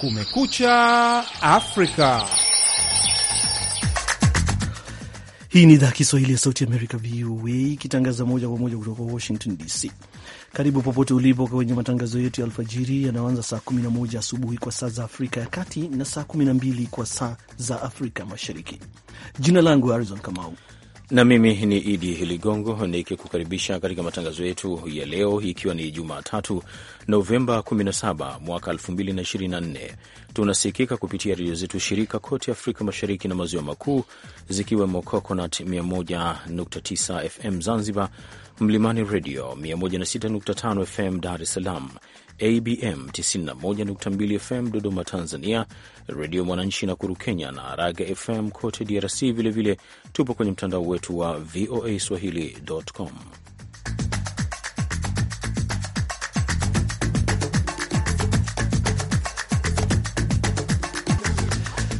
Kumekucha Afrika. Hii ni idhaa Kiswahili ya Sauti Amerika, VOA, ikitangaza moja kwa moja kutoka Washington DC. Karibu popote ulipo kwenye matangazo yetu ya alfajiri yanayoanza saa 11 asubuhi kwa saa za Afrika ya Kati na saa 12 kwa saa za Afrika Mashariki. Jina langu Harizon Kamau na mimi ni Idi Ligongo nikikukaribisha katika matangazo yetu ya leo, ikiwa ni Jumatatu Novemba 17 mwaka 2024. Tunasikika kupitia redio zetu shirika kote Afrika Mashariki na Maziwa Makuu, zikiwemo Coconut 101.9 FM Zanzibar, Mlimani Redio 106.5 FM Dar es Salaam ABM 91.2 FM Dodoma Tanzania, Redio Mwananchi na Kuru Kenya na Raga FM kote DRC. Vilevile vile, tupo kwenye mtandao wetu wa VOA Swahili.com.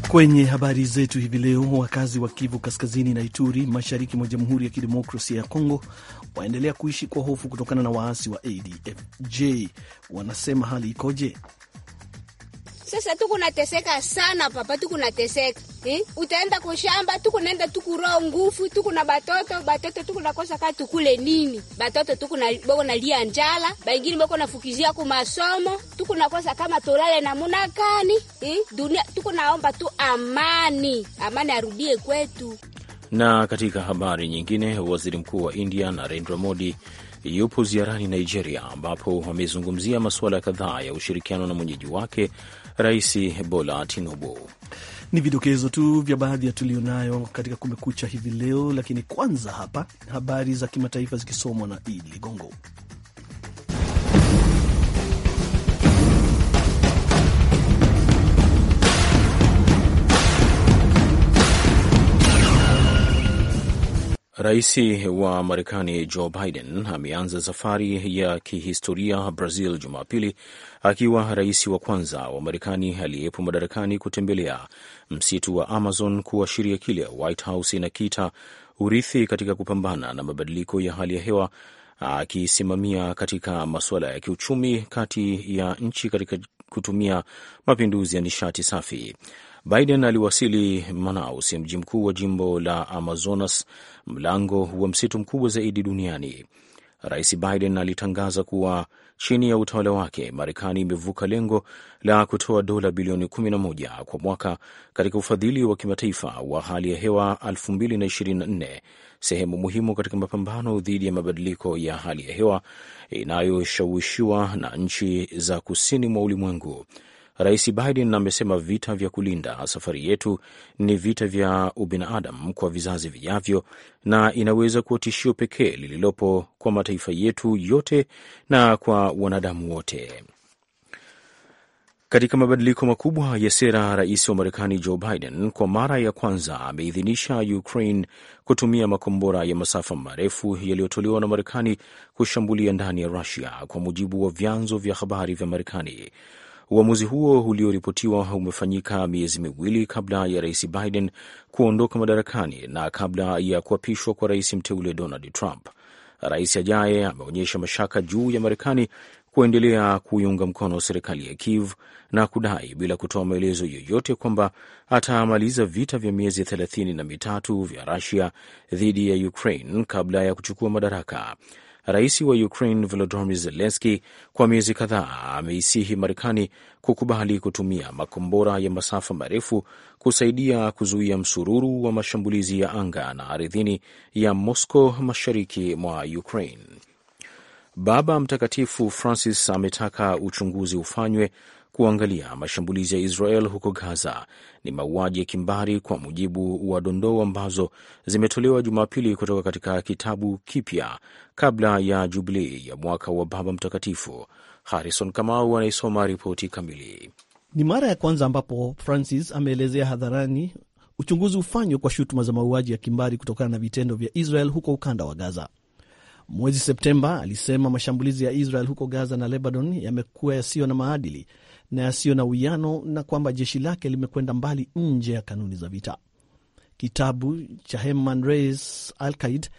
Kwenye habari zetu hivi leo, wakazi wa Kivu Kaskazini na Ituri, mashariki mwa Jamhuri ya Kidemokrasia ya Kongo, waendelea kuishi kwa hofu kutokana na waasi wa ADF. Je, wanasema hali ikoje? Sasa tuko sana papa, tuko eh? Utaenda kushamba, tuko naenda tukuroa ngufu, tuko na batoto batoto, tuko kaa tukule nini? Batoto tuko na boko na lia njala, baingine boko nafukizia ku masomo, tuko kama tolale na muna kani eh? Dunia tuko naomba tu amani, amani arudie kwetu. Na katika habari nyingine, waziri mkuu wa India Narendra Modi yupo ziarani Nigeria, ambapo amezungumzia masuala kadhaa ya ushirikiano na mwenyeji wake Rais Bola Tinubu. Ni vidokezo tu vya baadhi ya tuliyonayo katika Kumekucha hivi leo, lakini kwanza hapa habari za kimataifa zikisomwa na Idi Ligongo. Rais wa Marekani Joe Biden ameanza safari ya kihistoria Brazil Jumapili, akiwa rais wa kwanza wa Marekani aliyepo madarakani kutembelea msitu wa Amazon, kuashiria kile White House inakiita urithi katika kupambana na mabadiliko ya hali ya hewa, akisimamia katika masuala ya kiuchumi kati ya nchi katika kutumia mapinduzi ya nishati safi. Biden aliwasili Manaus, mji mkuu wa jimbo la Amazonas, mlango wa msitu mkubwa zaidi duniani. Rais Biden alitangaza kuwa chini ya utawala wake Marekani imevuka lengo la kutoa dola bilioni 11 kwa mwaka katika ufadhili wa kimataifa wa hali ya hewa 2024, sehemu muhimu katika mapambano dhidi ya mabadiliko ya hali ya hewa inayoshawishiwa na nchi za kusini mwa ulimwengu. Rais Biden amesema vita vya kulinda safari yetu ni vita vya ubinadamu kwa vizazi vijavyo, na inaweza kuwa tishio pekee lililopo kwa mataifa yetu yote na kwa wanadamu wote. Katika mabadiliko makubwa ya sera, rais wa Marekani Joe Biden kwa mara ya kwanza ameidhinisha Ukraine kutumia makombora ya masafa marefu yaliyotolewa na Marekani kushambulia ndani ya Rusia, kwa mujibu wa vyanzo vya habari vya Marekani. Uamuzi huo ulioripotiwa umefanyika miezi miwili kabla ya rais Biden kuondoka madarakani na kabla ya kuapishwa kwa rais mteule Donald Trump. Rais ajaye ameonyesha mashaka juu ya Marekani kuendelea kuiunga mkono serikali ya Kiev na kudai bila kutoa maelezo yoyote kwamba atamaliza vita vya miezi thelathini na mitatu vya Rusia dhidi ya Ukraine kabla ya kuchukua madaraka. Rais wa Ukraine Volodymyr Zelensky kwa miezi kadhaa ameisihi Marekani kukubali kutumia makombora ya masafa marefu kusaidia kuzuia msururu wa mashambulizi ya anga na ardhini ya Moscow mashariki mwa Ukraine. Baba Mtakatifu Francis ametaka uchunguzi ufanywe kuangalia mashambulizi ya Israel huko Gaza ni mauaji ya kimbari, kwa mujibu wa dondoo ambazo zimetolewa Jumapili kutoka katika kitabu kipya kabla ya Jubilii ya mwaka wa Baba Mtakatifu. Harrison Kamau anaisoma ripoti kamili. Ni mara ya kwanza ambapo Francis ameelezea hadharani uchunguzi ufanywe kwa shutuma za mauaji ya kimbari kutokana na vitendo vya Israel huko ukanda wa Gaza mwezi Septemba alisema mashambulizi ya Israel huko Gaza na Lebanon yamekuwa yasiyo na maadili na yasiyo na uwiano na kwamba jeshi lake limekwenda mbali nje ya kanuni za vita. Kitabu cha Heman Reis Alkaid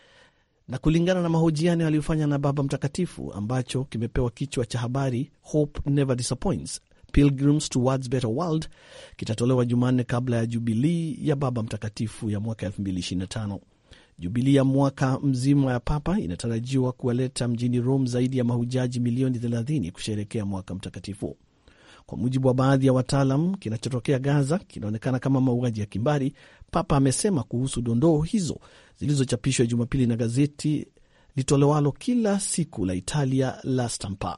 na kulingana na mahojiano aliyofanya na Baba Mtakatifu ambacho kimepewa kichwa cha habari Hope Never Disappoints, Pilgrims Towards Better World kitatolewa Jumanne kabla ya Jubilii ya Baba Mtakatifu ya mwaka 2025. Jubilii ya mwaka mzima ya Papa inatarajiwa kuwaleta mjini Rome zaidi ya mahujaji milioni 30 kusherekea mwaka mtakatifu. Kwa mujibu wa baadhi ya wataalam, kinachotokea Gaza kinaonekana kama mauaji ya kimbari, Papa amesema kuhusu dondoo hizo zilizochapishwa Jumapili na gazeti litolewalo kila siku la Italia la Stampa.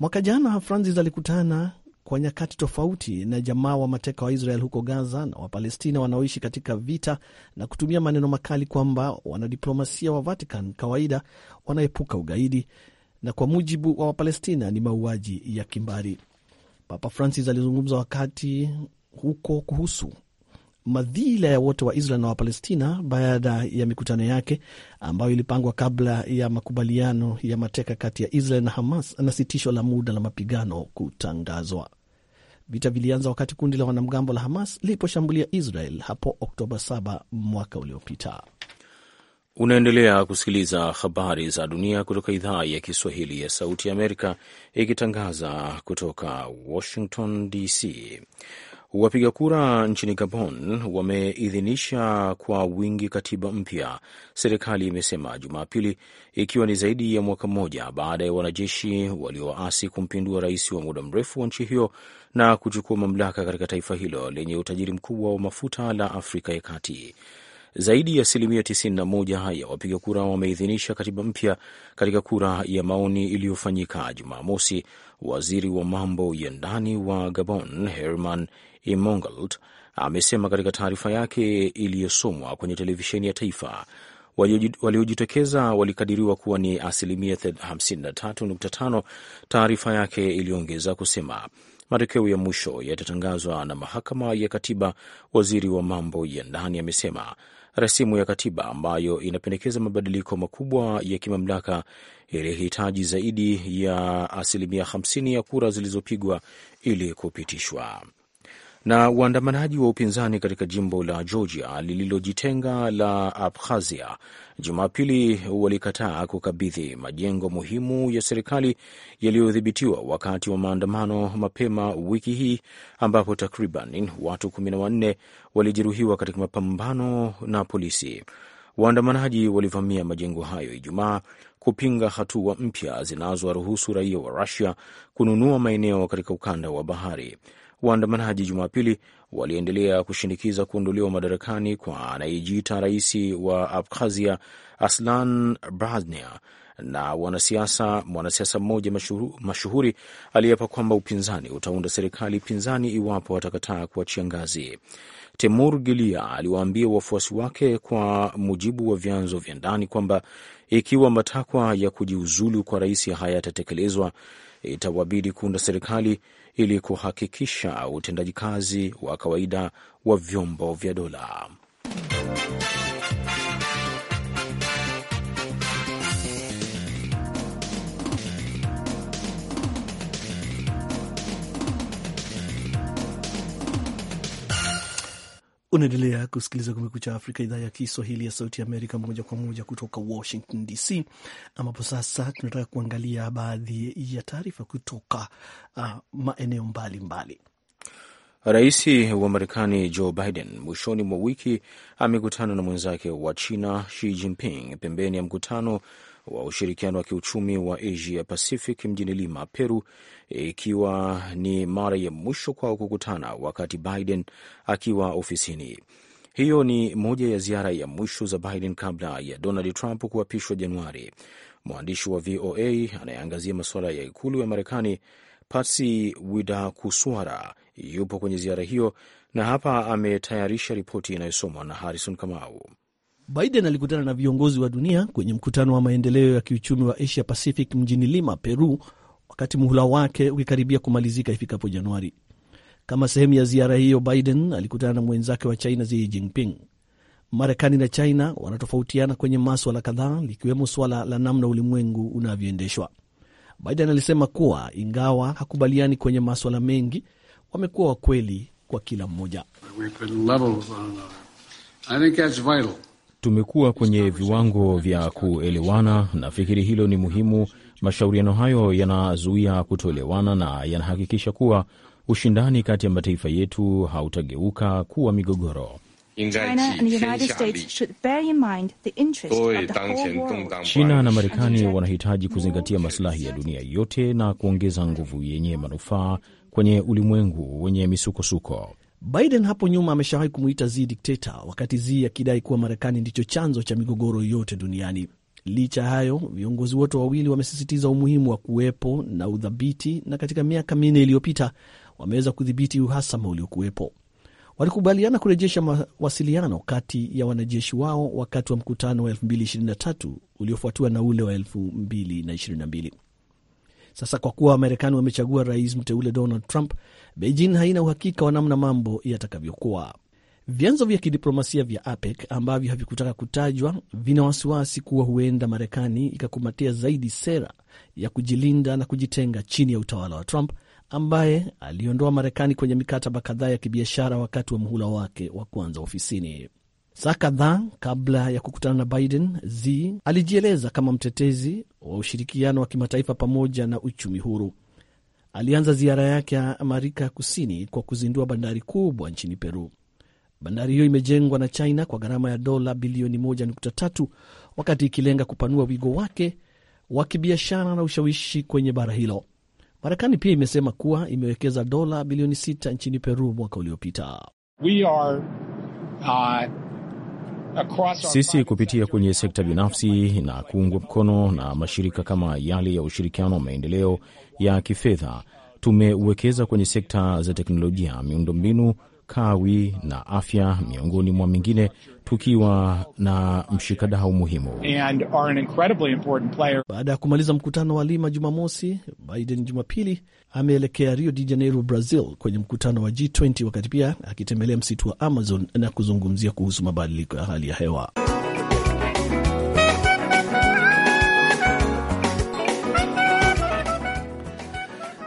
Mwaka jana Francis alikutana kwa nyakati tofauti na jamaa wa mateka wa Israel huko Gaza na Wapalestina wanaoishi katika vita na kutumia maneno makali kwamba wanadiplomasia wa Vatican kawaida wanaepuka ugaidi na kwa mujibu wa Wapalestina ni mauaji ya kimbari. Papa Francis alizungumza wakati huko kuhusu madhila ya wote wa Israel na Wapalestina baada ya mikutano yake ambayo ilipangwa kabla ya makubaliano ya mateka kati ya Israel na Hamas na sitisho la muda la mapigano kutangazwa. Vita vilianza wakati kundi la wanamgambo la Hamas liliposhambulia Israel hapo Oktoba 7 mwaka uliopita. Unaendelea kusikiliza habari za dunia kutoka idhaa ya Kiswahili ya Sauti ya Amerika, ikitangaza kutoka Washington DC. Wapiga kura nchini Gabon wameidhinisha kwa wingi katiba mpya, serikali imesema Jumapili, ikiwa ni zaidi ya mwaka mmoja baada ya wanajeshi walioasi kumpindua rais wa muda mrefu wa nchi hiyo na kuchukua mamlaka katika taifa hilo lenye utajiri mkubwa wa mafuta la Afrika ya Kati. Zaidi ya asilimia 91 ya wapiga kura wameidhinisha katiba mpya katika kura ya maoni iliyofanyika Jumamosi. Waziri wa mambo ya ndani wa Gabon Herman Imongalt amesema katika taarifa yake iliyosomwa kwenye televisheni ya taifa waliojitokeza walikadiriwa kuwa ni asilimia 53.5. Taarifa yake iliongeza kusema matokeo ya mwisho yatatangazwa na mahakama ya katiba. Waziri wa mambo ya ndani amesema rasimu ya katiba ambayo inapendekeza mabadiliko makubwa ya kimamlaka yaliyohitaji zaidi ya asilimia 50 ya kura zilizopigwa ili kupitishwa. Na waandamanaji wa upinzani katika jimbo la Georgia lililojitenga la Abkhazia Jumapili walikataa kukabidhi majengo muhimu ya serikali yaliyodhibitiwa wakati wa maandamano mapema wiki hii, ambapo takriban watu kumi na wanne walijeruhiwa katika mapambano na polisi. Waandamanaji walivamia majengo hayo Ijumaa kupinga hatua mpya zinazowaruhusu raia wa Rusia kununua maeneo katika ukanda wa bahari. Waandamanaji Jumapili waliendelea kushinikiza kuondolewa madarakani kwa anayejiita rais wa Abkhazia Aslan Barnia na wanasiasa mwanasiasa mmoja mashuhuri aliyeapa kwamba upinzani utaunda serikali pinzani iwapo watakataa kuachia ngazi. Temur Gilia aliwaambia wafuasi wake kwa mujibu wa vyanzo vya ndani kwamba ikiwa matakwa ya kujiuzulu kwa rais hayatatekelezwa itawabidi kuunda serikali ili kuhakikisha utendaji kazi wa kawaida wa vyombo vya dola. Unaendelea kusikiliza Kumekucha Afrika, idhaa ya Kiswahili ya Sauti Amerika, moja kwa moja kutoka Washington DC, ambapo sasa tunataka kuangalia baadhi ya taarifa kutoka uh, maeneo mbalimbali. Rais wa Marekani Joe Biden mwishoni mwa wiki amekutana na mwenzake wa China Xi Jinping pembeni ya mkutano wa ushirikiano wa kiuchumi wa Asia Pacific mjini Lima, Peru, ikiwa ni mara ya mwisho kwao kukutana wakati Biden akiwa ofisini. Hiyo ni moja ya ziara ya mwisho za Biden kabla ya Donald Trump kuapishwa Januari. Mwandishi wa VOA anayeangazia masuala ya ikulu ya Marekani, patsi Widakuswara, yupo kwenye ziara hiyo na hapa ametayarisha ripoti inayosomwa na Harrison Kamau. Biden alikutana na viongozi wa dunia kwenye mkutano wa maendeleo ya kiuchumi wa Asia Pacific mjini Lima, Peru, wakati muhula wake ukikaribia kumalizika ifikapo Januari. Kama sehemu ya ziara hiyo, Biden alikutana na mwenzake wa China Xi Jinping. Marekani na China wanatofautiana kwenye maswala kadhaa, likiwemo swala la namna ulimwengu unavyoendeshwa. Biden alisema kuwa ingawa hakubaliani kwenye maswala mengi, wamekuwa wakweli kwa kila mmoja. Tumekuwa kwenye viwango vya kuelewana, nafikiri hilo ni muhimu. Mashauriano hayo yanazuia kutoelewana na yanahakikisha kuwa ushindani kati ya mataifa yetu hautageuka kuwa migogoro. China na Marekani wanahitaji kuzingatia masilahi ya dunia yote na kuongeza nguvu yenye manufaa kwenye ulimwengu wenye misukosuko. Biden hapo nyuma ameshawahi kumuita Xi dikteta, wakati Xi akidai kuwa Marekani ndicho chanzo cha migogoro yote duniani. Licha ya hayo, viongozi wote wawili wamesisitiza umuhimu wa kuwepo na udhabiti, na katika miaka minne iliyopita wameweza kudhibiti uhasama uliokuwepo. Walikubaliana kurejesha mawasiliano kati ya wanajeshi wao wakati wa mkutano wa 2023 uliofuatiwa na ule wa 2022. Sasa kwa kuwa Wamarekani wamechagua rais mteule Donald Trump, Beijing haina uhakika wa namna mambo yatakavyokuwa. Vyanzo vya kidiplomasia vya APEC ambavyo havikutaka kutajwa vina wasiwasi kuwa huenda Marekani ikakumatia zaidi sera ya kujilinda na kujitenga chini ya utawala wa Trump ambaye aliondoa Marekani kwenye mikataba kadhaa ya kibiashara wakati wa muhula wake wa kwanza ofisini. Saa kadhaa kabla ya kukutana na Biden, Z alijieleza kama mtetezi wa ushirikiano wa kimataifa pamoja na uchumi huru. Alianza ziara yake ya Amerika Kusini kwa kuzindua bandari kubwa nchini Peru. Bandari hiyo imejengwa na China kwa gharama ya dola bilioni 1.3 wakati ikilenga kupanua wigo wake wa kibiashara na ushawishi kwenye bara hilo. Marekani pia imesema kuwa imewekeza dola bilioni 6 nchini Peru mwaka uliopita. We are uh... Sisi kupitia kwenye sekta binafsi na kuungwa mkono na mashirika kama yale ya ushirikiano wa maendeleo ya kifedha tumewekeza kwenye sekta za teknolojia, miundombinu kawi na afya, miongoni mwa mingine, tukiwa na mshikadau muhimu. Baada ya kumaliza mkutano wa Lima Jumamosi, Biden Jumapili ameelekea Rio de Janeiro, Brazil, kwenye mkutano wa G20, wakati pia akitembelea msitu wa Amazon na kuzungumzia kuhusu mabadiliko ya hali ya hewa.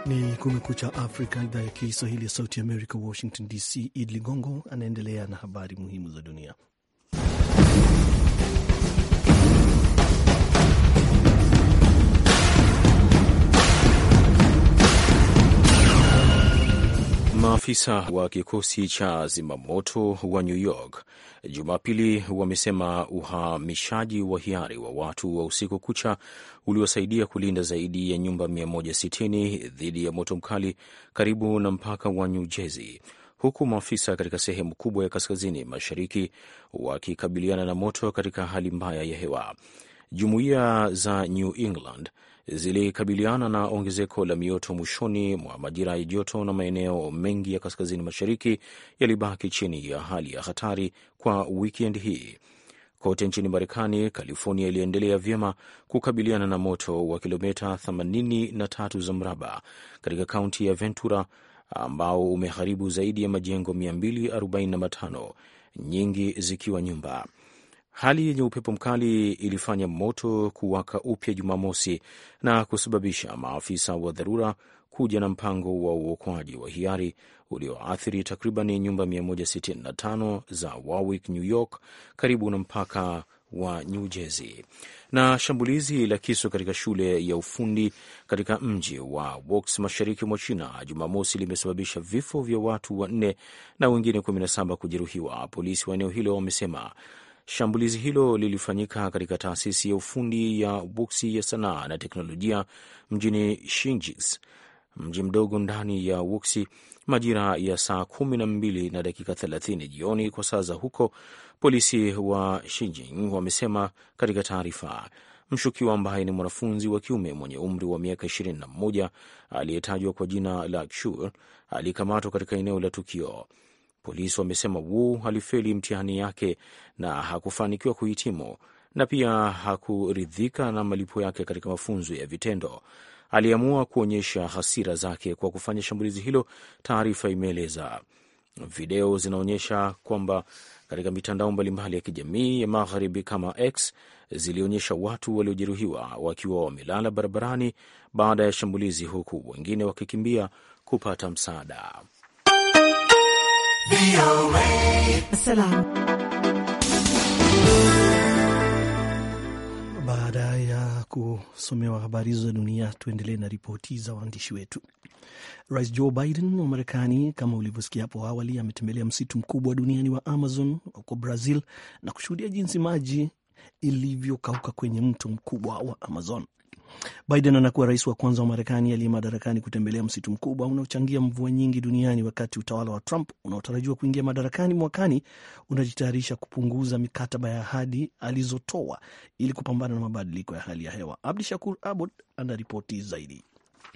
Ni Kumekucha Afrika, idhaa ya Kiswahili ya Sauti Amerika, Washington DC. Id Ligongo anaendelea na habari muhimu za dunia. Maafisa wa kikosi cha zimamoto wa New York Jumapili wamesema uhamishaji wa hiari wa watu wa usiku kucha uliosaidia kulinda zaidi ya nyumba 160 dhidi ya moto mkali karibu na mpaka wa New Jersey, huku maafisa katika sehemu kubwa ya kaskazini mashariki wakikabiliana na moto katika hali mbaya ya hewa. Jumuiya za New England zilikabiliana na ongezeko la mioto mwishoni mwa majira ya joto na maeneo mengi ya kaskazini mashariki yalibaki chini ya hali ya hatari kwa wikendi hii. Kote nchini Marekani, California iliendelea vyema kukabiliana na moto wa kilomita 83 za mraba katika kaunti ya Ventura ambao umeharibu zaidi ya majengo 245 nyingi zikiwa nyumba Hali yenye upepo mkali ilifanya moto kuwaka upya Jumamosi na kusababisha maafisa wa dharura kuja na mpango wa uokoaji wa hiari ulioathiri takriban nyumba 165 za Warwick, New York, karibu na mpaka wa New Jersey. Na shambulizi la kisu katika shule ya ufundi katika mji wa Woks mashariki mwa China Jumamosi limesababisha vifo vya watu wanne na wengine 17 kujeruhiwa, polisi wa eneo hilo wamesema. Shambulizi hilo lilifanyika katika taasisi ya ufundi ya boksi ya sanaa na teknolojia mjini Shinjis, mji mdogo ndani ya wuksi majira ya saa kumi na mbili na dakika thelathini jioni kwa saa za huko, polisi wa Shinjing wamesema katika taarifa. Mshukiwa ambaye ni mwanafunzi wa kiume mwenye umri wa miaka 21 aliyetajwa kwa jina la Chur alikamatwa katika eneo la tukio. Polisi wamesema Wu alifeli mtihani yake na hakufanikiwa kuhitimu na pia hakuridhika na malipo yake katika mafunzo ya vitendo. Aliamua kuonyesha hasira zake kwa kufanya shambulizi hilo, taarifa imeeleza. Video zinaonyesha kwamba katika mitandao mbalimbali ya kijamii ya magharibi kama X zilionyesha watu waliojeruhiwa wakiwa wamelala barabarani baada ya shambulizi, huku wengine wakikimbia kupata msaada. Baada ya kusomewa habari hizo za dunia, tuendelee na ripoti za waandishi wetu. Rais Joe Biden wa Marekani, kama ulivyosikia hapo awali, ametembelea msitu mkubwa duniani wa Amazon huko Brazil na kushuhudia jinsi maji ilivyokauka kwenye mto mkubwa wa Amazon. Biden anakuwa rais wa kwanza wa Marekani aliye madarakani kutembelea msitu mkubwa unaochangia mvua nyingi duniani, wakati utawala wa Trump unaotarajiwa kuingia madarakani mwakani unajitayarisha kupunguza mikataba ya ahadi alizotoa ili kupambana na mabadiliko ya hali ya hewa. Abdi Shakur Abud anaripoti zaidi.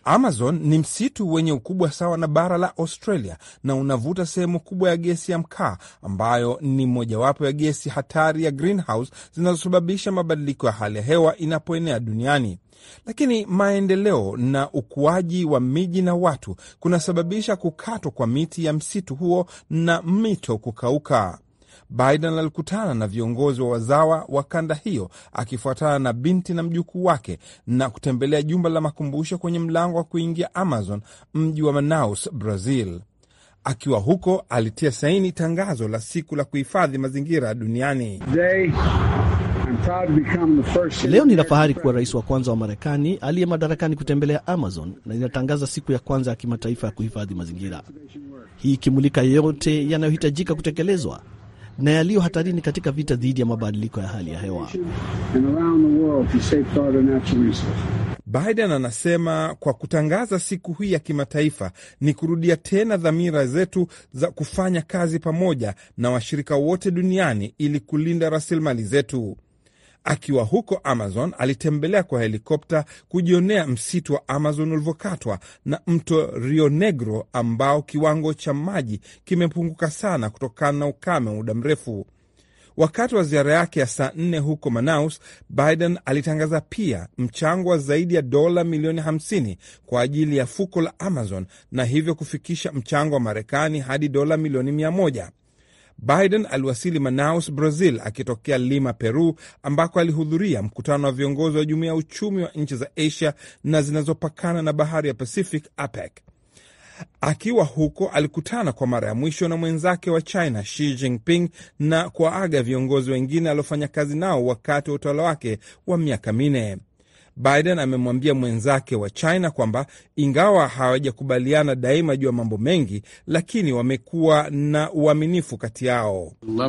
Amazon ni msitu wenye ukubwa sawa na bara la Australia na unavuta sehemu kubwa ya gesi ya mkaa ambayo ni mojawapo ya gesi hatari ya greenhouse zinazosababisha mabadiliko ya hali ya hewa inapoenea duniani. Lakini maendeleo na ukuaji wa miji na watu kunasababisha kukatwa kwa miti ya msitu huo na mito kukauka. Biden alikutana na viongozi wa wazawa wa kanda hiyo akifuatana na binti na mjukuu wake na kutembelea jumba la makumbusho kwenye mlango wa kuingia Amazon, mji wa Manaus, Brazil. Akiwa huko alitia saini tangazo la siku la kuhifadhi mazingira duniani. Leo nina fahari kuwa rais wa kwanza wa Marekani aliye madarakani kutembelea Amazon, na inatangaza siku ya kwanza ya kimataifa ya kuhifadhi mazingira, hii ikimulika yote yanayohitajika kutekelezwa na yaliyo hatarini katika vita dhidi ya mabadiliko ya hali ya hewa. Biden anasema kwa kutangaza siku hii ya kimataifa ni kurudia tena dhamira zetu za kufanya kazi pamoja na washirika wote duniani ili kulinda rasilimali zetu. Akiwa huko Amazon, alitembelea kwa helikopta kujionea msitu wa Amazon ulivyokatwa na mto Rio Negro ambao kiwango cha maji kimepunguka sana kutokana na ukame wa muda mrefu. Wakati wa ziara yake ya saa nne huko Manaus, Biden alitangaza pia mchango wa zaidi ya dola milioni 50 kwa ajili ya fuko la Amazon na hivyo kufikisha mchango wa Marekani hadi dola milioni moja. Biden aliwasili Manaus, Brazil, akitokea Lima, Peru, ambako alihudhuria mkutano wa viongozi wa jumuiya ya uchumi wa nchi za Asia na zinazopakana na bahari ya Pacific, APEC. Akiwa huko alikutana kwa mara ya mwisho na mwenzake wa China Xi Jinping na kuwaaga viongozi wengine aliofanya kazi nao wakati wa utawala wake wa miaka minne. Biden amemwambia mwenzake wa China kwamba ingawa hawajakubaliana daima juu ya mambo mengi, lakini wamekuwa na uaminifu kati yao. Uh,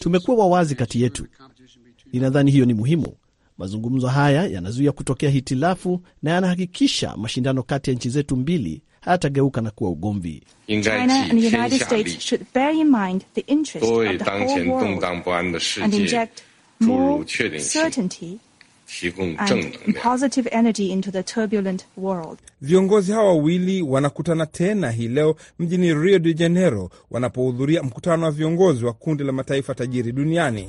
Tumekuwa wawazi kati yetu, ninadhani hiyo ni muhimu. Mazungumzo haya yanazuia kutokea hitilafu na yanahakikisha mashindano kati ya nchi zetu mbili hayatageuka na kuwa ugomvi. Viongozi hawa wawili wanakutana tena hii leo mjini Rio de Janeiro wanapohudhuria mkutano wa viongozi wa kundi la mataifa tajiri duniani.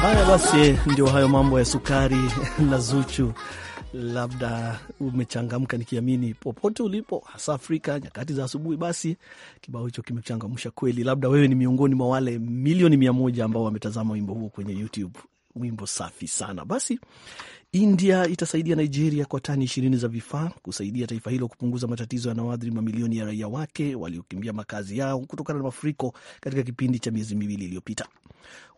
Haya basi, ndio hayo mambo ya sukari na Zuchu. Labda umechangamka nikiamini, popote ulipo, hasa Afrika nyakati za asubuhi. Basi kibao hicho kimechangamsha kweli. Labda wewe ni miongoni mwa wale milioni mia moja ambao wametazama wimbo huo kwenye YouTube. Wimbo safi sana. Basi India itasaidia Nigeria kwa tani ishirini za vifaa kusaidia taifa hilo kupunguza matatizo yanayoathiri mamilioni ya raia wake waliokimbia makazi yao kutokana na mafuriko katika kipindi cha miezi miwili iliyopita.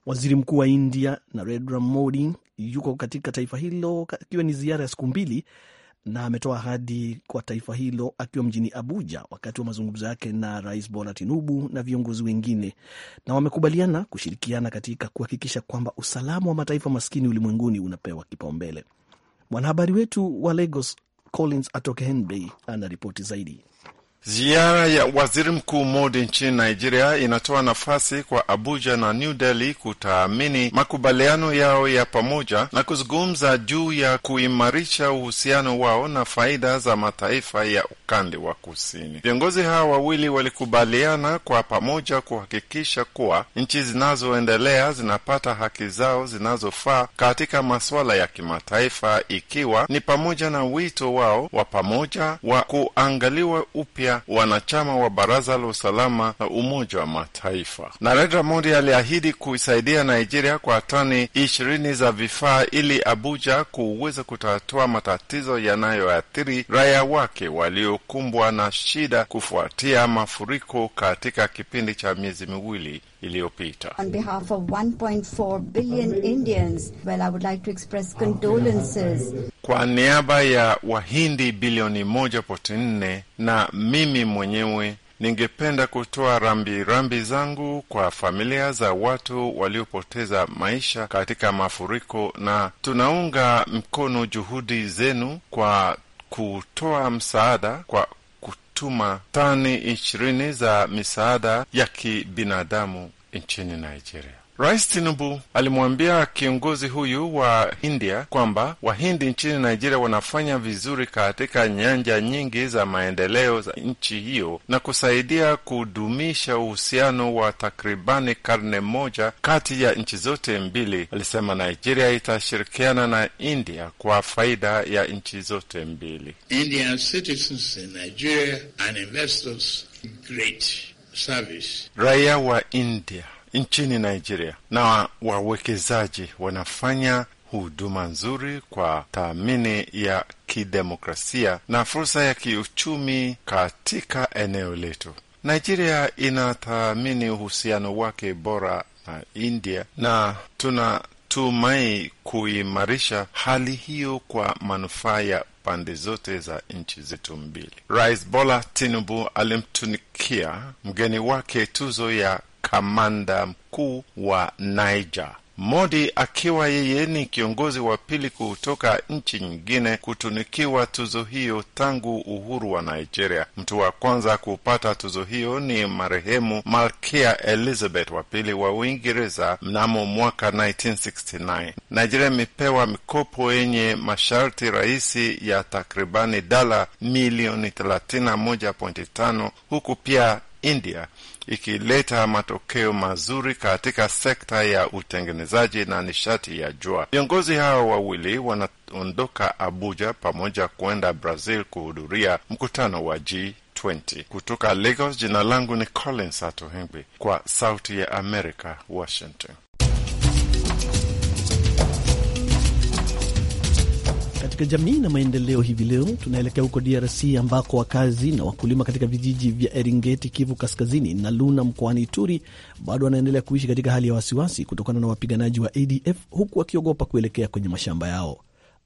Waziri Mkuu wa India Narendra Modi yuko katika taifa hilo akiwa ni ziara ya siku mbili, na ametoa ahadi kwa taifa hilo akiwa mjini Abuja wakati wa mazungumzo yake na Rais Bola Tinubu na viongozi wengine, na wamekubaliana kushirikiana katika kuhakikisha kwamba usalama wa mataifa maskini ulimwenguni unapewa kipaumbele. Mwanahabari wetu wa Lagos Collins Atoke Henbey ana ripoti zaidi. Ziara ya waziri mkuu Modi nchini Nigeria inatoa nafasi kwa Abuja na New Delhi kutaamini makubaliano yao ya pamoja na kuzungumza juu ya kuimarisha uhusiano wao na faida za mataifa ya ukande wa kusini. Viongozi hawa wawili walikubaliana kwa pamoja kuhakikisha kuwa nchi zinazoendelea zinapata haki zao zinazofaa katika masuala ya kimataifa, ikiwa ni pamoja na wito wao wa pamoja wa kuangaliwa upya pia wanachama wa Baraza la Usalama la Umoja wa Mataifa. Narendra Modi aliahidi kuisaidia Nigeria kwa tani ishirini za vifaa ili Abuja kuweza kutatua matatizo yanayoathiri raia wake waliokumbwa na shida kufuatia mafuriko katika kipindi cha miezi miwili iliyopita. On behalf of 1.4 billion Indians, well, I would like to express condolences. Kwa niaba ya Wahindi bilioni 1.4 na mimi mwenyewe ningependa kutoa rambirambi rambi zangu kwa familia za watu waliopoteza maisha katika mafuriko, na tunaunga mkono juhudi zenu kwa kutoa msaada kwa kutuma tani ishirini za misaada ya kibinadamu nchini Nigeria. Rais Tinubu alimwambia kiongozi huyu wa India kwamba Wahindi nchini Nigeria wanafanya vizuri katika nyanja nyingi za maendeleo za nchi hiyo na kusaidia kudumisha uhusiano wa takribani karne moja kati ya nchi zote mbili. Alisema Nigeria itashirikiana na India kwa faida ya nchi zote mbili. Indian citizens in Nigeria and investors, great service. Raia wa India nchini Nigeria, na wawekezaji wanafanya huduma nzuri kwa taamini ya kidemokrasia na fursa ya kiuchumi katika eneo letu. Nigeria inathamini uhusiano wake bora na India na tunatumai kuimarisha hali hiyo kwa manufaa ya pande zote za nchi zetu mbili. Rais Bola Tinubu alimtunikia mgeni wake tuzo ya kamanda mkuu wa Niger. Modi akiwa yeye ni kiongozi wa pili kutoka nchi nyingine kutunikiwa tuzo hiyo tangu uhuru wa Nigeria. Mtu wa kwanza kupata tuzo hiyo ni marehemu Malkia Elizabeth wa pili wa Uingereza mnamo mwaka 1969. Nigeria imepewa mikopo yenye masharti rahisi ya takribani dola milioni 31.5 huku pia India ikileta matokeo mazuri katika sekta ya utengenezaji na nishati ya jua. Viongozi hao wawili wanaondoka Abuja pamoja kuenda Brazil kuhudhuria mkutano wa G20. Kutoka Lagos, jina langu ni Collins Atohengwi kwa Sauti ya America, Washington. Katika jamii na maendeleo, hivi leo tunaelekea huko DRC ambako wakazi na wakulima katika vijiji vya Eringeti, Kivu Kaskazini na Luna mkoani Ituri bado wanaendelea kuishi katika hali ya wasiwasi kutokana na wapiganaji wa ADF huku wakiogopa kuelekea kwenye mashamba yao.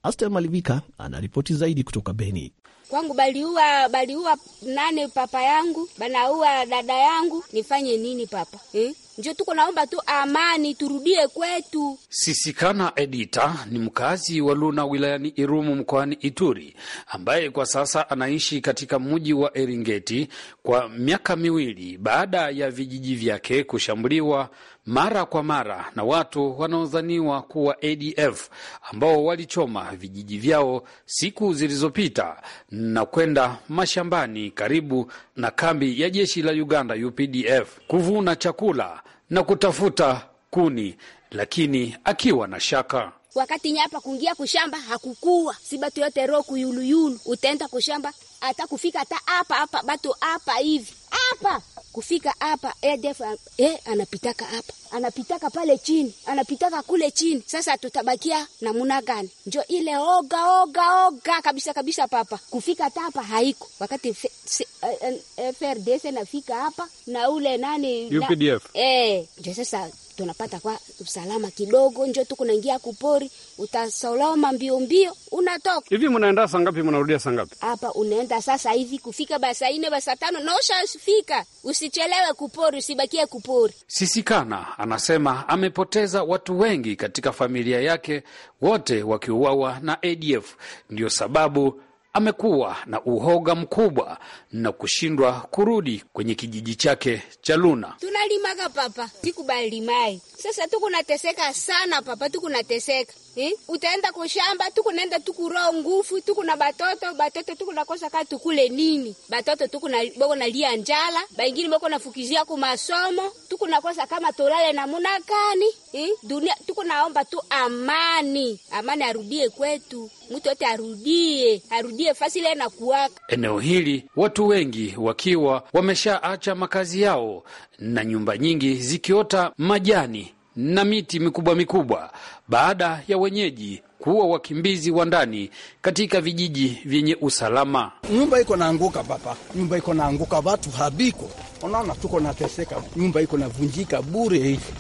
Aster Malivika anaripoti zaidi kutoka Beni. Kwangu baliua baliua nane papa yangu banaua dada yangu, nifanye nini papa eh? Njo tuko naomba tu amani, turudie kwetu. Sisikana Edita ni mkazi wa Luna wilayani Irumu mkoani Ituri, ambaye kwa sasa anaishi katika mji wa Eringeti kwa miaka miwili baada ya vijiji vyake kushambuliwa mara kwa mara na watu wanaodhaniwa kuwa ADF ambao walichoma vijiji vyao siku zilizopita na kwenda mashambani karibu na kambi ya jeshi la Uganda UPDF kuvuna chakula na kutafuta kuni, lakini akiwa na shaka wakati nyapa kuingia kushamba hakukuwa si batu yote ro kuyuluyulu, utaenda kushamba hata kufika hata hapa hapa batu hapa hivi hapa kufika hapa ADF eh, eh, anapitaka hapa, anapitaka pale chini, anapitaka kule chini. Sasa tutabakia namuna gani? Njo ile oga oga oga kabisa kabisa, papa kufika tapa haiko wakati FRDC eh, eh, nafika hapa na ule nani UPDF na, eh, njo sasa tunapata kwa usalama kidogo, njo tu kunaingia kupori, utasoloma mbio mbio, unatoka hivi. Mnaenda saa ngapi? Mnarudia saa ngapi? Hapa unaenda sasa hivi kufika basa ine basa tano na ushafika, usichelewe kupori, usibakie kupori. Sisikana anasema amepoteza watu wengi katika familia yake, wote wakiuawa na ADF, ndio sababu amekuwa na uhoga mkubwa na kushindwa kurudi kwenye kijiji chake cha Luna. Tunalimaga papa, sikubalimai sasa, tukunateseka sana papa, tukunateseka eh? Utaenda kushamba, tukunaenda tukuroa ngufu, tukuna batoto batoto, tukunakosa kaa tukule nini? Batoto tukunaboko nalia njala, baingine boko nafukizia ku masomo, tukunakosa kama tolale na munakani eh? Dunia tukunaomba tu amani, amani arudie kwetu mtu yote arudie arudie fasi ile na kuwaka. Eneo hili watu wengi wakiwa wameshaacha makazi yao na nyumba nyingi zikiota majani na miti mikubwa mikubwa baada ya wenyeji kuwa wakimbizi wa ndani katika vijiji vyenye usalama. Nyumba iko naanguka papa, nyumba iko naanguka, watu habiko. Unaona tuko nateseka, nyumba iko navunjika bure hivi,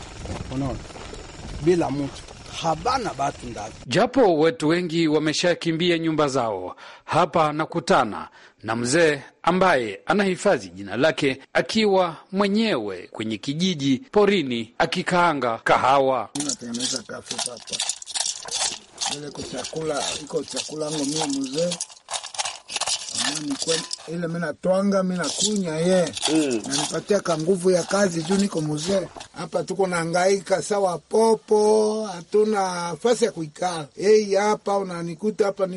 unaona bila mtu habana batu ndani. Japo watu wengi wameshakimbia nyumba zao, hapa nakutana na mzee ambaye anahifadhi jina lake akiwa mwenyewe kwenye kijiji porini akikaanga kahawa. Natengeneza kafe hapa, ile kuchakula iko chakula ngo mie mzee ile mimi natwanga mimi nakunya ye mm. nanipatia ka nguvu ya kazi juu niko mzee hapa, tuko nahangaika sawa popo, hatuna nafasi ya kuikala ei hapa. Unanikuta hapa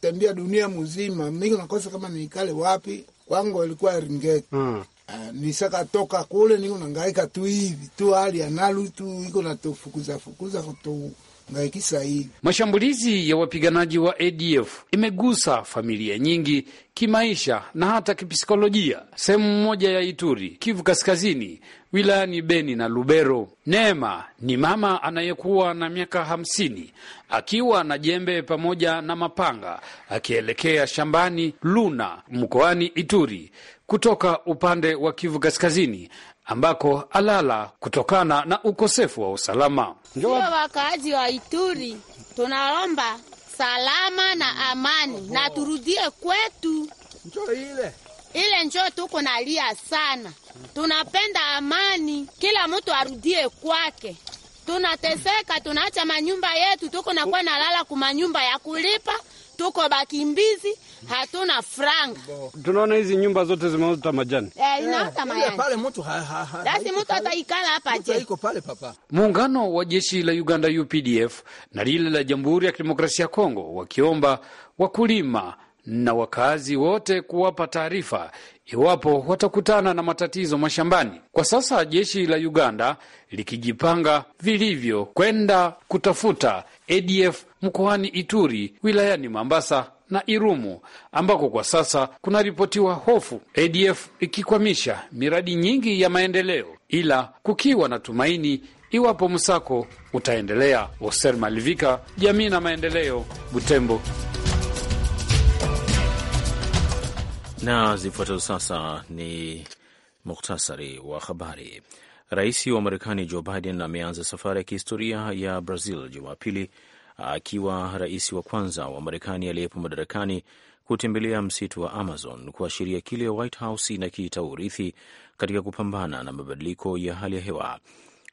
tendia dunia mzima, mimi nakosa kama niikale wapi. Kwangu ilikuwa Ringeti mm. Uh, ah, nisaka toka kule niko nangaika tu hivi tu hali ya nalu tu iko natufukuza fukuza kutu na Kiswahili. Mashambulizi ya wapiganaji wa ADF imegusa familia nyingi kimaisha na hata kipsikolojia. Sehemu moja ya Ituri, Kivu Kaskazini, wilayani Beni na Lubero. Neema ni mama anayekuwa na miaka hamsini akiwa na jembe pamoja na mapanga akielekea shambani Luna mkoani Ituri kutoka upande wa Kivu Kaskazini ambako alala kutokana na ukosefu wa usalama. Ndio wakaazi wa Ituri tunaomba salama na amani Oho. na turudie kwetu njo ile ile njo tuko nalia sana, tunapenda amani, kila mtu arudie kwake. Tunateseka, tunaacha manyumba yetu, tuko nakuwa nalala kumanyumba ya kulipa, tuko bakimbizi hatuna franga. Tunaona hizi nyumba zote zimeota majani eh, inaota eh, majani pale, mtu basi mtu ataikala hapa je? Iko pale papa. Muungano wa jeshi la Uganda UPDF na lile la Jamhuri ya Kidemokrasia ya Kongo wakiomba wakulima na wakazi wote kuwapa taarifa iwapo watakutana na matatizo mashambani. Kwa sasa jeshi la Uganda likijipanga vilivyo kwenda kutafuta ADF mkoani Ituri, wilayani Mambasa na Irumu ambako kwa sasa kunaripotiwa hofu, ADF ikikwamisha miradi nyingi ya maendeleo, ila kukiwa na tumaini iwapo msako utaendelea. Oser Malivika, jamii na maendeleo, Butembo. Na zifuatazo sasa ni muktasari wa habari. Rais wa Marekani Joe Biden ameanza safari ya kihistoria ya Brazil Jumapili akiwa rais wa kwanza wa Marekani aliyepo madarakani kutembelea msitu wa Amazon kuashiria kile White House inakiita urithi katika kupambana na mabadiliko ya hali ya hewa,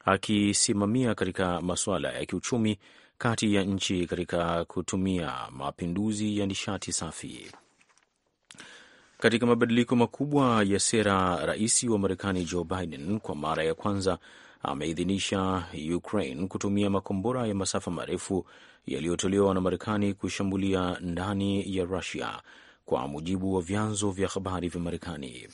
akisimamia katika masuala ya kiuchumi kati ya nchi katika kutumia mapinduzi ya nishati safi. Katika mabadiliko makubwa ya sera, rais wa Marekani Joe Biden kwa mara ya kwanza ameidhinisha Ukraine kutumia makombora ya masafa marefu yaliyotolewa na Marekani kushambulia ndani ya Rusia, kwa mujibu wa vyanzo vya habari vya Marekani.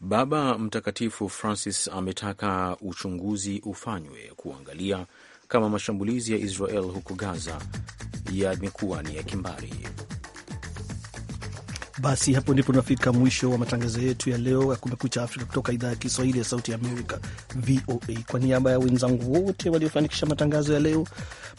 Baba Mtakatifu Francis ametaka uchunguzi ufanywe kuangalia kama mashambulizi ya Israel huko Gaza yamekuwa ni ya kimbari. Basi hapo ndipo tunafika mwisho wa matangazo yetu ya leo ya Kumekucha Afrika kutoka idhaa ya Kiswahili ya Sauti ya Amerika, VOA. Kwa niaba ya wenzangu wote waliofanikisha matangazo ya leo,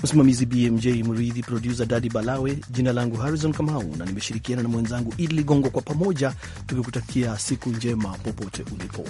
msimamizi BMJ Mridhi, produsa Dadi Balawe, jina langu Harrison Kamau na nimeshirikiana na mwenzangu Idli Gongo, kwa pamoja tukikutakia siku njema popote ulipo.